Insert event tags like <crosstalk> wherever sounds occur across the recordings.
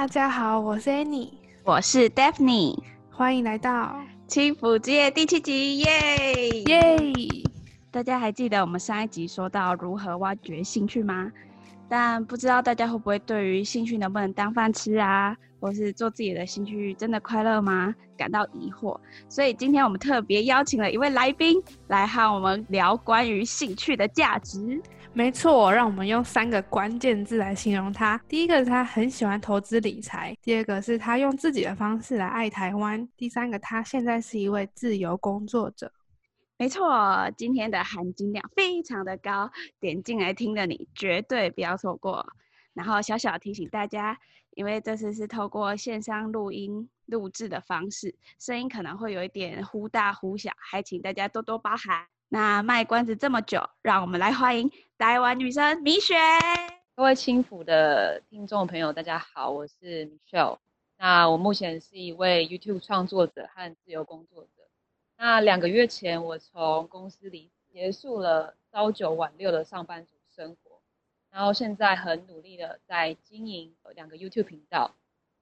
大家好，我是 Annie，我是 Daphne。歡迎來到《輕撫之夜》第七集，耶耶！大家還記得我們上一集說到如何挖掘興趣嗎？但不知道大家會不會對於興趣能不能當飯吃啊？或是做自己的興趣，真的快樂嗎？感到疑惑，所以今天我們特別邀請了一位來賓來和我們聊關於興趣的價值。沒錯，讓我們用三個關鍵字來形容他：第一個，是他很喜歡投資理財；第二個，是他用自己的方式來愛台灣；第三個，他現在是一位自由工作者。沒錯，今天的含金量非常的高，點進來聽的你絕對不要錯過。然後小小提醒大家，因為這次是透過線上錄音錄制的方式，聲音可能會有一點忽大忽小，還請大家多多包涵。那賣關子這麼久，讓我們來歡迎逮丸女森 Michelle。各位輕撫的聽眾朋友，大家好，我是 Michelle。那我目前是一位 YouTube 創作者和自由工作者。那兩個月前，我從公司裡結束了朝九晚六的上班族生活。然後現在很努力的在經營兩個 YouTube 頻道，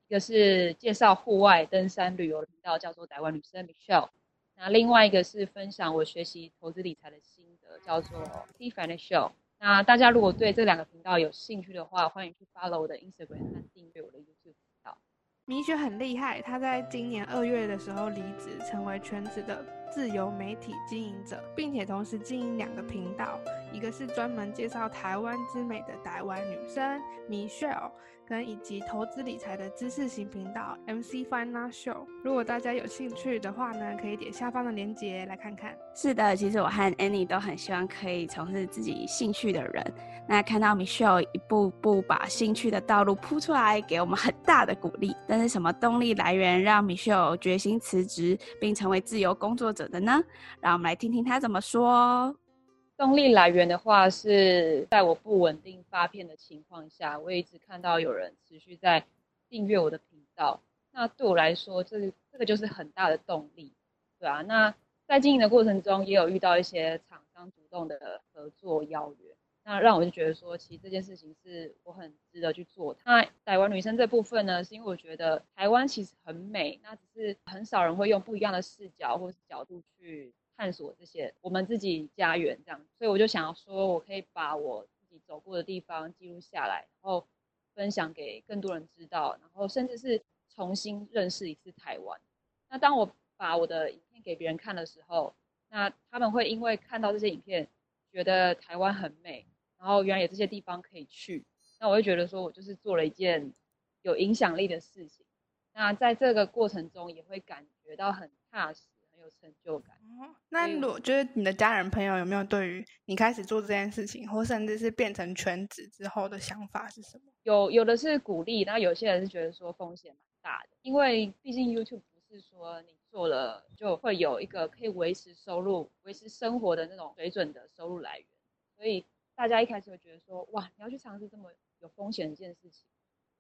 一個是介紹戶外登山旅遊的頻道，叫做逮丸女森 Michelle，那另外一個是分享我學習投資理財的心得，叫做 MC.FinanShow，那大家如果對這兩個頻道有興趣的話，歡迎去 follow 我的 Instagram 和訂閱我的 YouTube。米雪很厲害，她在今年二月的時候離職，成為全職的自由媒體經營者，並且同時經營兩個頻道，一個是專門介紹台灣之美的逮丸女森 Michelle。跟以及投資理財的知識型頻道 MC.FinanShow，如果大家有興趣的話呢，可以點下方的鏈接來看看。是的，其實我和 Annie 都很希望可以從事自己興趣的人。那看到 Michelle 一步步把興趣的道路鋪出來，給我們很大的鼓勵。但是，什麼動力來源讓 Michelle 決心辭職並成為自由工作者的呢？讓我們來聽聽她怎麼說。動力來源的話是在我不穩定發片的情況下，我一直看到有人持續在訂閱我的頻道，那對我來說，這這個就是很大的動力，對啊。那在經營的過程中，也有遇到一些廠商主動的合作邀約，那讓我就覺得說，其實這件事情是我很值得去做。那逮丸女森這部分呢，是因為我覺得台灣其實很美，那只是很少人會用不一樣的視角或者是角度去。探索這些我們自己家園這樣，所以我就想要說，我可以把我自己走過的地方記錄下來，然後分享給更多人知道，然後甚至是重新認識一次台灣。那當我把我的影片給別人看的時候，那他們會因為看到這些影片，覺得台灣很美，然後原來有這些地方可以去，那我會覺得說我就是做了一件有影響力的事情。那在這個過程中，也會感覺到很踏實。成就感。嗯、那如果覺、就是，你的家人朋友有沒有對於你開始做這件事情，或甚至是變成全職之後的想法是什麼？有有的，是鼓勵，那有些人是覺得說風險蠻大的，因為畢竟 YouTube 不是說你做了就會有一個可以維持收入、維持生活的那種水準的收入來源，所以大家一開始會覺得說哇，你要去嘗試這麼有風險一件事情，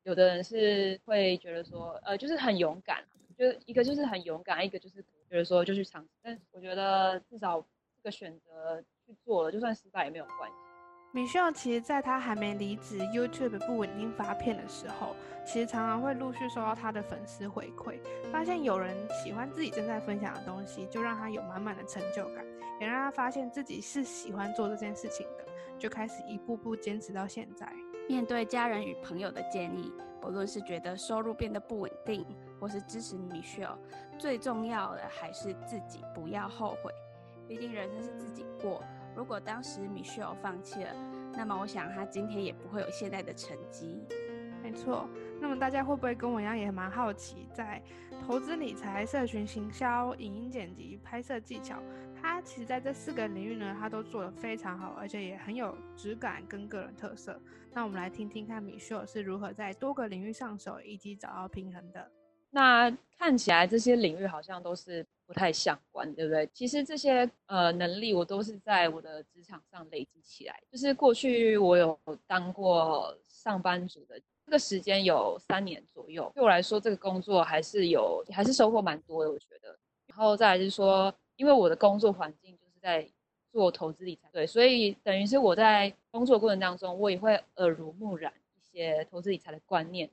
有的人是會覺得說呃，就是很勇敢。就是一個就是很勇敢，一個就是覺得說就去嘗試。但我覺得至少這個選擇去做了，就算失敗也沒有關係。Michelle 其實在她還沒離職 YouTube 不穩定發片的時候，其實常常會陸續收到她的粉絲回饋，發現有人喜歡自己正在分享的東西，就讓她有滿滿的成就感，也讓她發現自己是喜歡做這件事情的，就開始一步步堅持到現在。面對家人與朋友的建議，不論是覺得收入變得不穩定，或是支持 Michelle，最重要的還是自己不要後悔，畢竟人生是自己過。如果當時 Michelle 放棄了，那麼我想他今天也不會有現在的成績。沒錯，那麼大家會不會跟我一樣也蠻好奇，在投資理財、社群行銷、影音剪輯、拍攝技巧，他其實在這四個領域呢，他都做得非常好，而且也很有質感跟個人特色。那我們來聽聽看 Michelle 是如何在多個領域上手以及找到平衡的。那看起來這些領域好像都是。不太相關，對不對？其實這些呃能力，我都是在我的職場上累積起來。就是過去我有當過上班族的，這個時間有三年左右。對我來說，這個工作還是有，還是收穫蠻多的，我覺得。然後再來就是說，因為我的工作環境就是在做投資理財，對，所以等於是我在工作過程當中，我也會耳濡目染一些投資理財的觀念。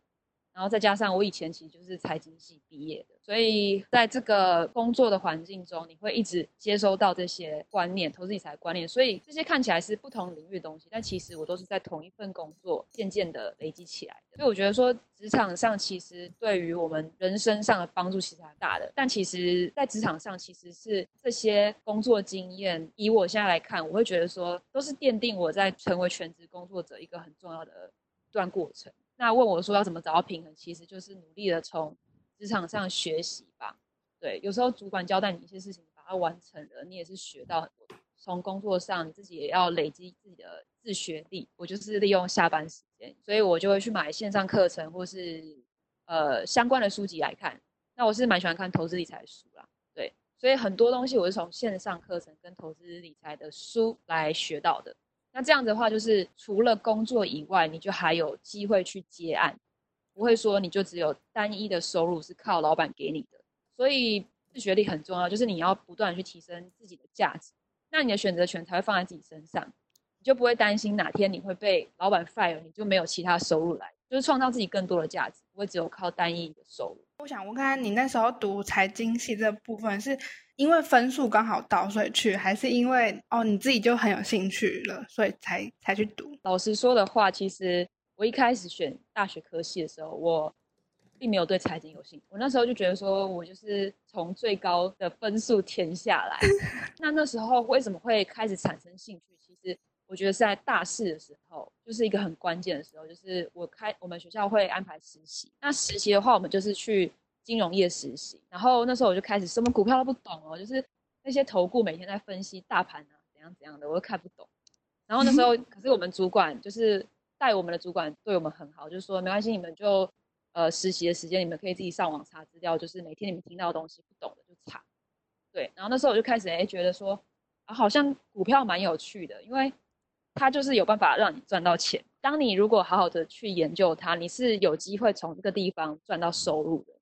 然後再加上我以前其實就是財經系畢業的，所以在這個工作的環境中，你會一直接收到這些觀念、投資理財的觀念。所以這些看起來是不同領域的東西，但其實我都是在同一份工作漸漸的累積起來的。所以我覺得說，職場上其實對於我們人生上的幫助其實還大的。但其實在職場上，其實是這些工作經驗，以我現在來看，我會覺得說，都是奠定我在成為全職工作者一個很重要的一段過程。那問我說要怎麼找到平衡？其實就是努力的從職場上學習吧。對，有時候主管交代你一些事情，把它完成了，你也是學到很多。從工作上，你自己也要累積自己的自學力。我就是利用下班時間，所以我就會去買線上課程或是呃相關的書籍來看。那我是蠻喜歡看投資理財書啦，對，所以很多東西我是從線上課程跟投資理財的書來學到的。那這樣的話，就是除了工作以外，你就還有機會去接案，不會說你就只有單一的收入是靠老闆給你的。所以自學力很重要，就是你要不斷去提升自己的價值，那你的選擇權才會放在自己身上，你就不會擔心哪天你會被老闆 fire，你就沒有其他收入來，就是創造自己更多的價值，不會只有靠單一的收入。我想問，看你那時候讀財經系的部分是。因為分數剛好到，所以去，還是因為哦你自己就很有興趣了，所以才才去讀？老實說的話，其實我一開始選大學科系的時候，我並沒有對財經有興趣。我那時候就覺得說，我就是從最高的分數填下來。 <laughs> 那那時候為什麼會開始產生興趣？其實我覺得是在大四的時候，就是一個很關鍵的時候，就是我開我們學校會安排實習。那實習的話，我們就是去。金融業實習，然後那時候我就開始什麼股票都不懂哦，就是那些投顧每天在分析大盤啊，怎樣怎樣的我都看不懂。然後那時候，可是我們主管就是帶我們的主管對我們很好，就是說沒關係，你們就呃實習的時間你們可以自己上網查資料，就是每天你們聽到的東西不懂的就查。對，然後那時候我就開始哎、欸、覺得說，啊，好像股票蠻有趣的，因為它就是有辦法讓你賺到錢。當你如果好好的去研究它，你是有機會從這個地方賺到收入的。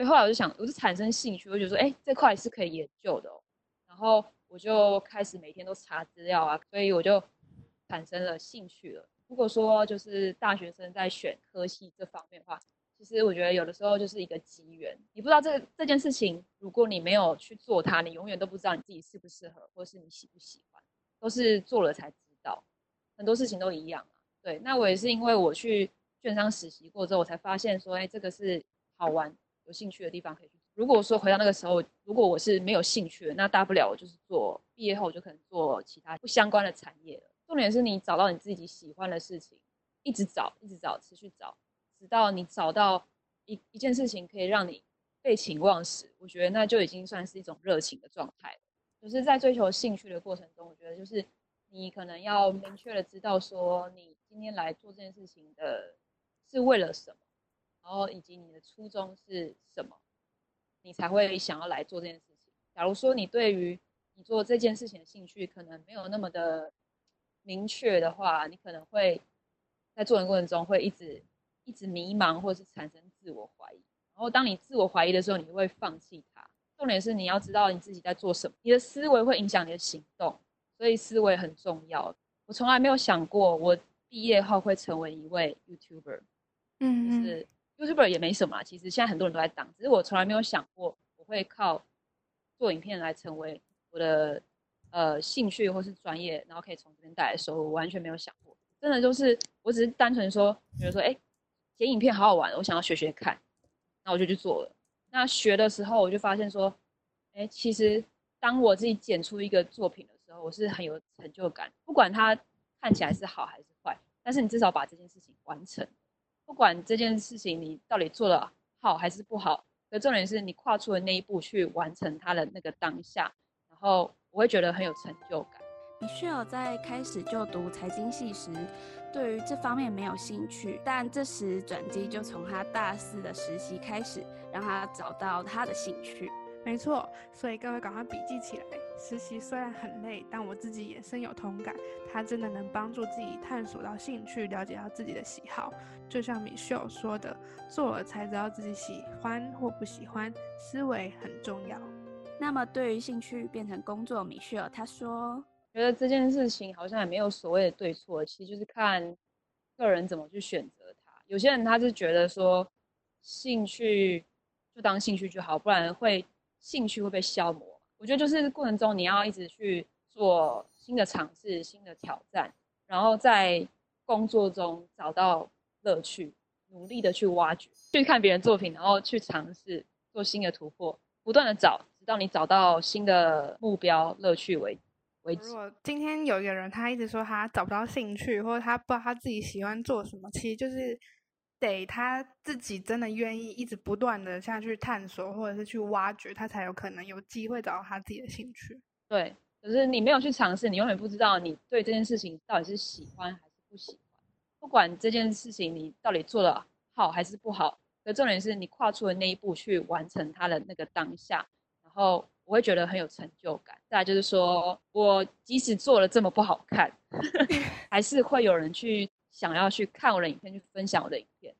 所以後來我就想，我就產生興趣，我覺得說，哎，這塊是可以研究的哦，然後我就開始每天都查資料啊，所以我就產生了興趣了。如果說就是大學生在選科系這方面的話，其實我覺得有的時候就是一個機緣，你不知道這這件事情，如果你沒有去做它，你永遠都不知道你自己適不適合，或是你喜不喜歡，都是做了才知道。很多事情都一樣啊。對，那我也是因為我去券商實習過之後，我才發現說，哎，這個是好玩。有興趣的地方可以去。如果說回到那個時候，如果我是沒有興趣的，那大不了我就是做，畢業後我就可能做其他不相關的產業。重點是你找到你自己喜歡的事情，一直找，一直找，持續找，直到你找到一一件事情可以讓你廢寢忘食，我覺得那就已經算是一種熱情的狀態。就是在追求興趣的過程中，我覺得就是你可能要明確的知道說，你今天來做這件事情的是為了什麼。然後，以及你的初衷是什麼，你才會想要來做這件事情。假如說你對於你做這件事情的興趣可能沒有那麼的明確的話，你可能會在做的過程中會一直一直迷茫，或是產生自我懷疑。然後，當你自我懷疑的時候，你會放棄它。重點是你要知道你自己在做什麼。你的思維會影響你的行動，所以思維很重要。我從來沒有想過我畢業後會成為一位 YouTuber，嗯，就是。YouTuber 也沒什麼啦，其實現在很多人都在當，只是我從來沒有想過我會靠做影片來成為我的呃興趣或是專業，然後可以從這邊帶來收入，我完全沒有想過。真的就是，我只是單純說，比如說，哎、欸，剪影片好好玩，我想要學學看，那我就去做了。那學的時候，我就發現說，哎、欸，其實當我自己剪出一個作品的時候，我是很有成就感，不管它看起來是好還是壞，但是你至少把這件事情完成。不管這件事情你到底做得好還是不好，可重點是你跨出了那一步去完成它的那個當下，然後我會覺得很有成就感。Michelle 在開始就讀財經系時，對於這方面沒有興趣，但這時轉機就從他大四的實習開始，讓他找到他的興趣。沒錯，所以各位趕快筆記起來。實習雖然很累，但我自己也深有同感。它真的能幫助自己探索到興趣，了解到自己的喜好。就像 Michelle 說的：“做了才知道自己喜歡或不喜歡。”思維很重要。那麼，對於興趣變成工作，Michelle 她說：“覺得這件事情好像也沒有所謂的對錯，其實就是看個人怎麼去選擇它。有些人他是覺得說興趣就當興趣就好，不然會。”興趣會被消磨，我覺得就是過程中你要一直去做新的嘗試、新的挑戰，然後在工作中找到樂趣，努力的去挖掘，去看別人作品，然後去嘗試做新的突破，不斷的找，直到你找到新的目標、樂趣為為止。如果今天有一個人，他一直說他找不到興趣，或者他不知道他自己喜歡做什麼，其實就是。得他自己真的願意一直不斷地下去探索，或者是去挖掘，他才有可能有機會找到他自己的興趣。對，可是你沒有去嘗試，你永遠不知道你對這件事情到底是喜歡還是不喜歡。不管這件事情你到底做得好還是不好，可重點是你跨出了，那一步去完成他的那個當下，然後我會覺得很有成就感。再來就是說我即使做了這麼不好看，呵呵還是會有人去。想要去看我的影片，去分享我的影片，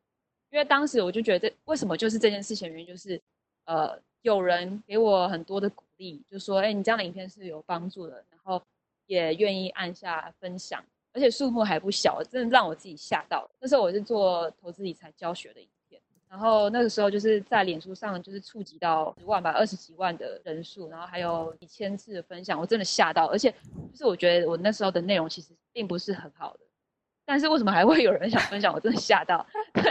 因為當時我就覺得，為什麼就是這件事情？原因就是，呃，有人給我很多的鼓勵，就說：“哎、欸，你這樣的影片是，是有幫助的。”然後也願意按下分享，而且數目還不小，真的讓我自己嚇到了。那時候我是做投資理財教學的影片，然後那個時候就是在臉書上，就是觸及到十萬吧，二十幾萬的人數，然後還有幾千次的分享，我真的嚇到。而且，就是我覺得我那時候的內容其實並不是很好的。但是為什麼還會有人想分享？我真的嚇到。對，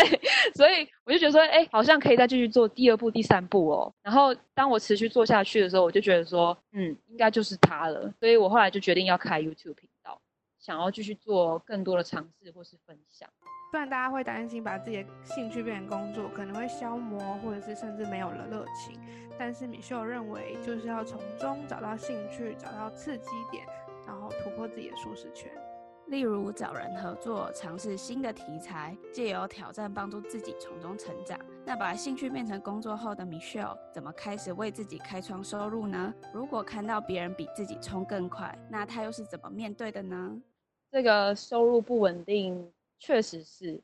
所以我就覺得說，哎、欸，好像可以再繼續做第二步、第三步哦。然後當我持續做下去的時候，我就覺得說，嗯，應該就是他了。所以我後來就決定要開 YouTube 頻道，想要繼續做更多的嘗試或是分享。雖然大家會擔心把自己的興趣變成工作，可能會消磨或者是甚至沒有了熱情，但是 Michelle 認為就是要從中找到興趣，找到刺激點，然後突破自己的舒適圈。例如找人合作，嘗試新的題材，借由挑戰幫助自己從中成長。那把興趣變成工作後的 Michelle，怎麼開始為自己開創收入呢？如果看到別人比自己衝更快，那他又是怎麼面對的呢？這個收入不穩定確實是，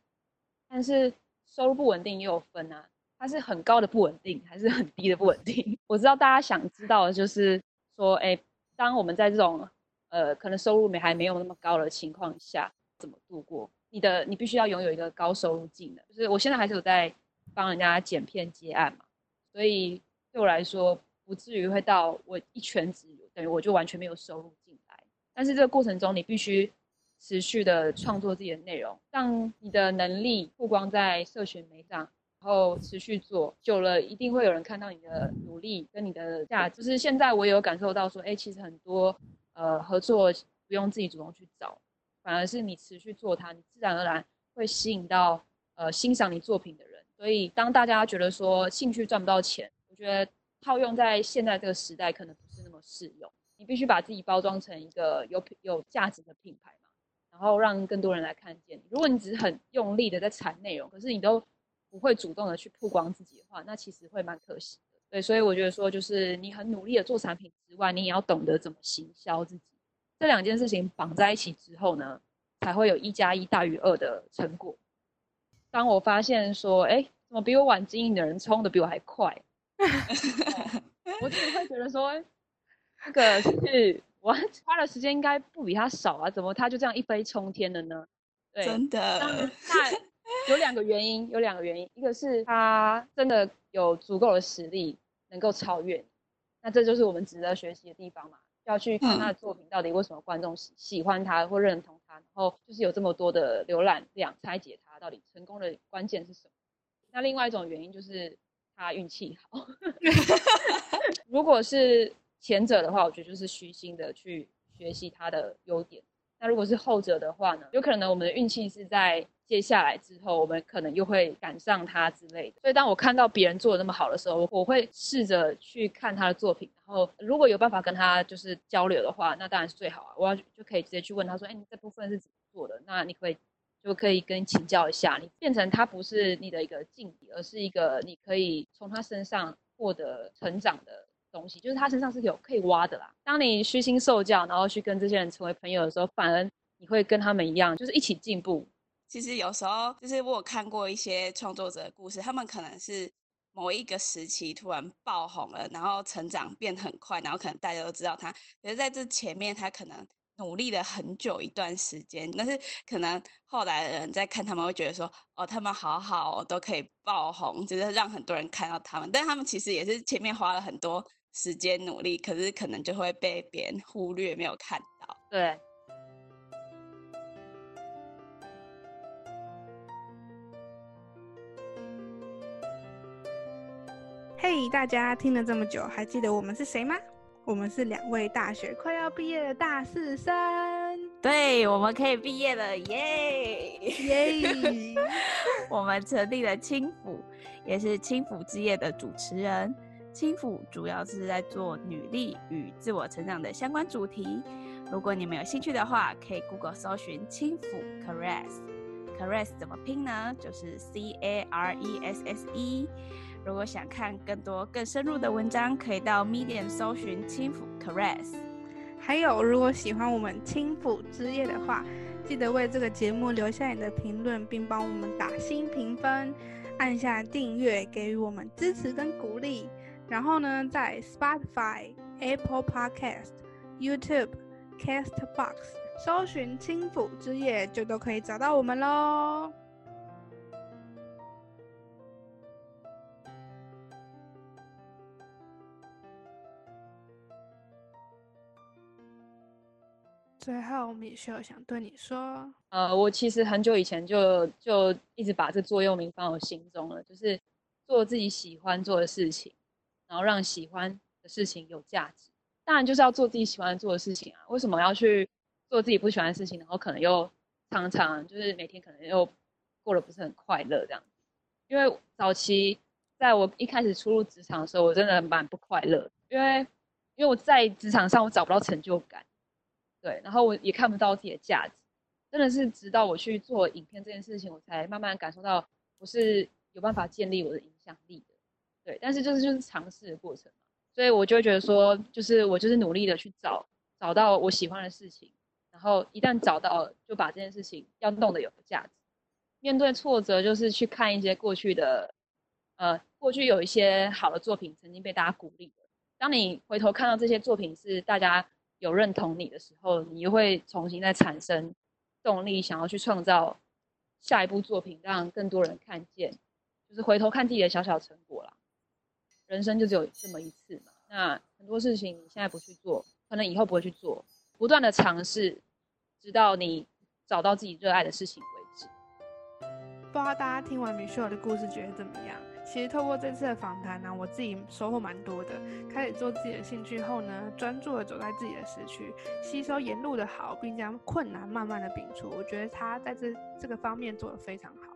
但是收入不穩定也有分啊，它是很高的不穩定，還是很低的不穩定？我知道大家想知道的就是說，哎、欸，當我們在這種。呃，可能收入沒還沒有那麼高的情況下，怎麼度過？你的你必須要擁有一個高收入技能，就是我現在還是有在幫人家剪片接案嘛，所以對我來說不至於會到我一全職，等於我就完全沒有收入進來。但是這個過程中，你必須持續的創作自己的內容，讓你的能力不光在社群媒上，然後持續做，久了一定會有人看到你的努力跟你的價值。就是現在我也有感受到說，哎，其實很多。呃，合作不用自己主動去找，反而是你持續做它，你自然而然會吸引到呃欣賞你作品的人。所以，當大家覺得說興趣賺不到錢，我覺得套用在現在這個時代可能不是那麼適用。你必須把自己包裝成一個有品有價值的品牌嘛，然後讓更多人來看見你。如果你只是很用力的在產內容，可是你都不會主動的去曝光自己的話，那其實會蠻可惜。對，所以我覺得說，就是你很努力的做產品之外，你也要懂得怎麼行銷自己。這兩件事情綁在一起之後呢，才會有一加一大於二的成果。當我發現說，哎，怎麼比我晚經營的人衝的比我還快？ <laughs> <laughs> 我就會覺得說，這個、就是我花的時間應該不比他少啊，怎麼他就這樣一飛衝天了呢？對。真的。那有兩個原因，有兩個原因，一個是他真的有足夠的實力。能夠超越，那這就是我們值得學習的地方嘛。要去看他的作品到底為什麼觀眾喜喜歡他或認同他，然後就是有這麼多的瀏覽量，拆解他到底成功的關鍵是什麼？那另外一種原因就是他運氣好。 <laughs> 如果是前者的話，我覺得就是虛心的去學習他的優點；那如果是後者的話呢，有可能我們的運氣是在。接下來之後，我們可能又會趕上他之類的。所以，當我看到別人做的那麼好的時候，我會試着去看他的作品。然後，如果有辦法跟他就是交流的話，那當然是最好啊。我就可以直接去問他說：“哎，你這部分是怎麼做的？”那你可以就可以跟你請教一下。你變成他不是你的一個勁敵，而是一個你可以從他身上獲得成長的東西。就是他身上是有可以挖的啦。當你虛心受教，然後去跟這些人成為朋友的時候，反而你會跟他們一樣，就是一起進步。其實有時候就是我有看過一些創作者的故事，他們可能是某一個時期突然爆紅了，然後成長變很快，然後可能大家都知道他。可是在這前面，他可能努力了很久一段時間，但是可能後來的人在看他們會覺得說，哦，他們好好哦，都可以爆紅，就是讓很多人看到他們。但他們其實也是前面花了很多時間努力，可是可能就會被別人忽略，沒有看到。對。大家聽了這麼久，還記得我們是誰嗎？我們是兩位大學快要畢業的大四生。對，我們可以畢業了，耶耶！我們成立了輕撫，也是輕撫之夜的主持人。輕撫主要是在做女力與自我成長的相關主題。如果你們有興趣的話，可以 Google 搜尋輕撫 caress，caress Ca 怎麼拼呢？就是 c a r e s s e。S s s e 如果想看更多更深入的文章，可以到 Medium 搜尋《輕撫 Caresse》。還有，如果喜歡我們《輕撫之夜》的話，記得為這個節目留下你的評論，並幫我們打新評分，按下訂閱，給予我們支持跟鼓勵。然後呢，在 Spotify、Apple Podcast、YouTube、Castbox 搜尋《輕撫之夜》，就都可以找到我們嘍。最後，我們也需要想對你說，呃，我其實很久以前就就一直把這座右銘放我心中了，就是做自己喜歡做的事情，然後讓喜歡的事情有價值。當然，就是要做自己喜歡做的事情啊，為什麼要去做自己不喜歡的事情？然後可能又常常就是每天可能又過得不是很快樂這樣。因為早期在我一開始初入職場的時候，我真的蠻不快樂，因為因為我在職場上我找不到成就感。對，然後我也看不到自己的價值，真的是直到我去做影片這件事情，我才慢慢感受到我是有辦法建立我的影響力的。對，但是就是就是嘗試的過程嘛，所以我就會覺得說，就是我就是努力的去找找到我喜歡的事情，然後一旦找到就把這件事情要弄得有個價值。面對挫折，就是去看一些過去的，呃，過去有一些好的作品曾經被大家鼓勵的，當你回頭看到這些作品是大家。有認同你的時候，你又會重新再產生動力，想要去創造下一部作品，讓更多人看見。就是回頭看自己的小小成果啦，人生就只有這麼一次嘛。那很多事情你現在不去做，可能以後不會去做。不斷的嘗試，直到你找到自己熱愛的事情為止。不知道大家聽完 Michelle 的故事，覺得怎麼樣？其實透過這次的訪談呢，我自己收穫蠻多的。開始做自己的興趣後呢，專注的走在自己的時區，吸收沿路的好，並將困難慢慢的摒除。我覺得他在這這個方面做得非常好。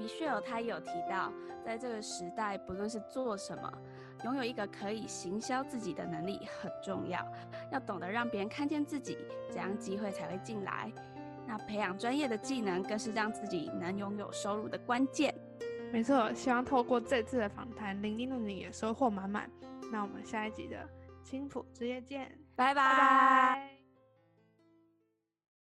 Michelle 他有提到，在這個時代，不論是做什麼，擁有一個可以行銷自己的能力很重要，要懂得讓別人看見自己，這樣機會才會進來。那培養專業的技能，更是讓自己能擁有收入的關鍵。沒錯，希望透過這次的訪談，聆聽的你也收穫滿滿。那我們下一集的青浦之夜見，拜拜。拜拜。